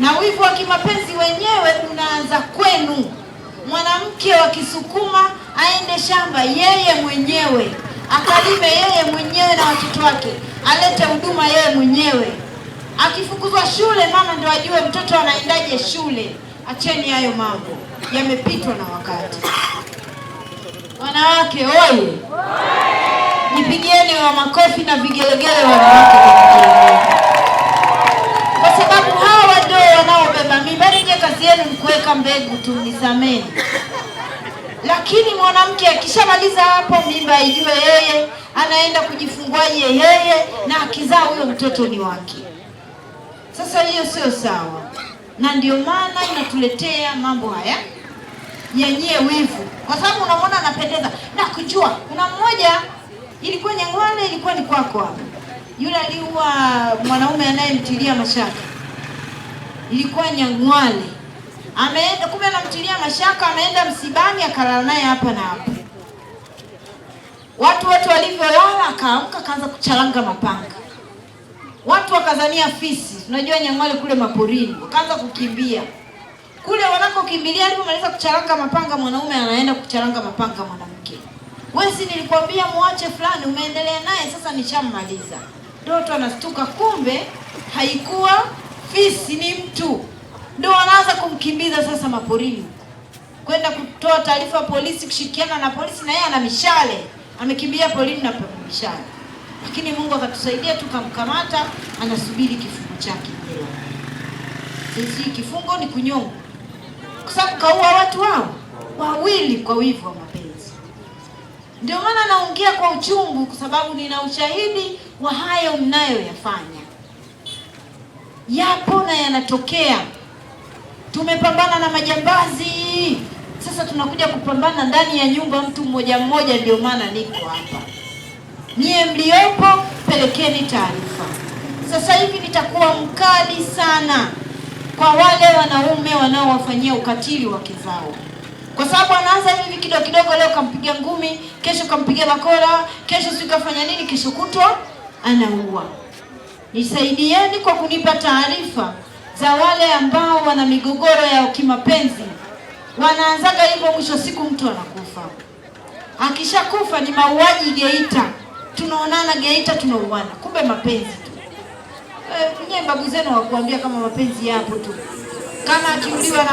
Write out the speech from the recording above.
na wivu wa kimapenzi wenyewe unaanza kwenu. Mwanamke wa Kisukuma aende shamba yeye mwenyewe, akalime yeye mwenyewe na watoto wake, alete huduma yeye mwenyewe. Akifukuzwa shule, mama ndio ajue mtoto anaendaje shule. Acheni hayo mambo, yamepitwa na wakati. Wanawake oye! Nipigieni wa makofi na vigelegele wanawake. kazi mkuweka mbegu tu, nisameni, Lakini mwanamke akishamaliza hapo, mimba ijue yeye, anaenda kujifunguaje yeye, na akizaa huyo mtoto ni wake. Sasa hiyo sio sawa, na ndio maana inatuletea mambo haya yenye wivu, kwa sababu unamwona anapendeza na kujua. Kuna mmoja ilikuwa nyang'wale ilikuwa ni kwako hapo, yule aliua mwanaume anayemtilia mashaka, ilikuwa nyangwale ameenda, kumbe anamtilia mashaka, ameenda msibani akalala naye hapa na hapa. Watu wote walivyolala, akaamka akaanza kuchalanga mapanga, watu wakazania fisi. Unajua Nyang'hwale kule maporini, wakaanza kukimbia kule wanakokimbilia. Alipomaliza kucharanga mapanga, mwanaume anaenda kucharanga mapanga mwanamke. Wewe, nilikwambia muache fulani, umeendelea naye, sasa nishammaliza. Doto anastuka, kumbe haikuwa fisi, ni mtu ndio wanaanza kumkimbiza sasa maporini kwenda kutoa taarifa polisi, kushirikiana na polisi, na yeye ana mishale, amekimbia polini na mishale. Lakini Mungu akatusaidia, tukamkamata, anasubiri kifungo chake jela. Sisi kifungo ni kunyongwa kwa sababu kaua watu wao wawili kwa wivu wa mapenzi. Ndio maana naongea kwa uchungu, kwa sababu nina ushahidi wa hayo mnayoyafanya, yapo na yanatokea. Tumepambana na majambazi, sasa tunakuja kupambana ndani ya nyumba mtu mmoja mmoja. Ndio maana niko hapa, nyie mliopo pelekeni taarifa. Sasa hivi nitakuwa mkali sana kwa wale wanaume wanaowafanyia ukatili wake zao, kwa sababu anaanza hivi kidogo kidogo, leo kampiga ngumi, kesho kampiga bakora, kesho si kafanya nini, kesho kutwa anaua. Nisaidieni kwa kunipa taarifa za wale ambao wana migogoro ya kimapenzi, wanaanzaga hivyo, mwisho siku mtu anakufa. Akishakufa ni mauaji Geita, tunaonana Geita, tunauana, kumbe mapenzi tu. E, eh, nyewe babu zenu wakuambia kama mapenzi yapo tu, kama akiuliwa